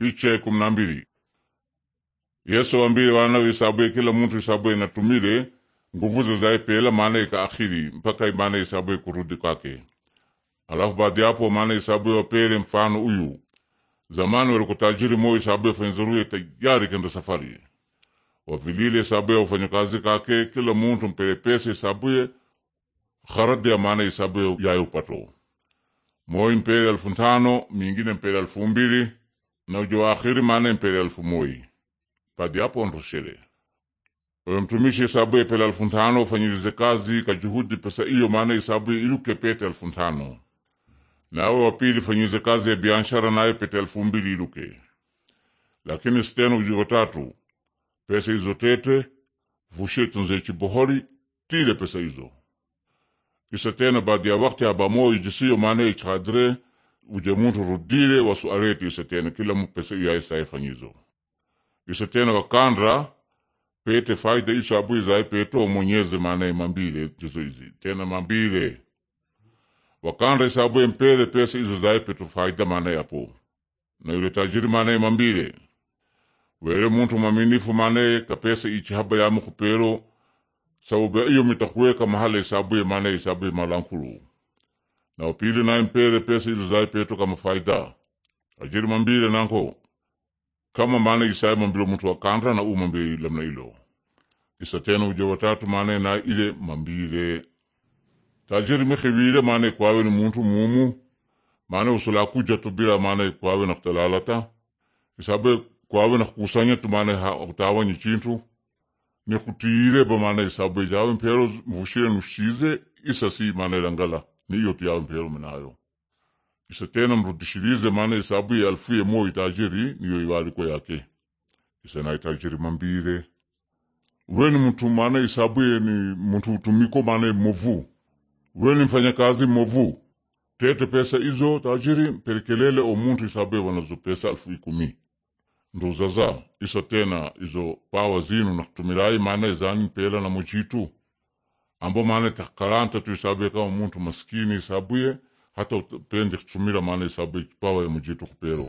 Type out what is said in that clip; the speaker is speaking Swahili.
picha kumi na mbili yesu ambile wanawe isabue kila muntu isabue natumile nguvu zae pela maana akhiri mpaka imana isabue kurudi kwake alafu baada yapo maana isabue wapele mfano uyu zamani walikutajiri moyo isabue fenzeruye tayari kenda safari wavilile isabue kazi kake kila muntu mpele pesa isabue kharadi ya maana isabue yaye upato moyo mpele elfu tano mingine mpele elfu mbili na ujo akhiri maana mpele alfu moi padi apo onroshele oyo mtumishi isabu ye pele alfu ntano ufanyilize kazi kajuhudi pesa iyo maana isabu ye iluke pete alfu ntano nawe wapili fanyilize kazi ya biashara naye pete alfu mbili iluke lakini steno ujiko tatu pesa izo tete vushe tunze chibohori tile pesa izo isa tena baadi ya wakti abamoyo jisiyo maana ichadre uje muntu rudile wasualeti isetena kila mupesa iyaisaefanyizo isetena kakandra pete faida ishabu izai peto mwenyezi maanaye mambile tizo izi tena mambile wakandra isabu mpele pesa izo zai peto faida maanaye apo na yule tajiri maanaye mambile were muntu mwaminifu maanaye kapesa ichi ichihaba yamu kupero sababu iyo mitakuweka mahala isa maanaye isabuye malankulu na upile na mpere pesa iluzai petu kama faida ajiri mambile nanko kama mana isai mambilo mtu wa kandra na umambile lamna ilo isa tena uje watatu mana na ile mambile tajiri mikhivile mana kwawe ni muntu mumu mana usula kuja tu bila mana kwawe na kutalalata isabe kwawe na kukusanya tu mana utawa ni chintu ni kutire ba mana isabe jawe mpero mvushire nushize isa si mana langala niyote yawe mperume nayo isatena mrudishirize maana isabu ya alfu ye mo itajiri niyo iwaliko yake na itajiri mambire weni mtu maana isabu ye ni mtu utumiko maana movu weni mfanyakazi movu tete pesa izo tajiri perikelele o mtu isabu ye wanazo pesa alfu ikumi nduzaza tena izo pawa zinu kutumirai maana izani mpela na mochitu ambo maana takaranta tu ka kama muntu maskini isabue hata upendi kutumira maana isabue kipawa ya mujitu kupero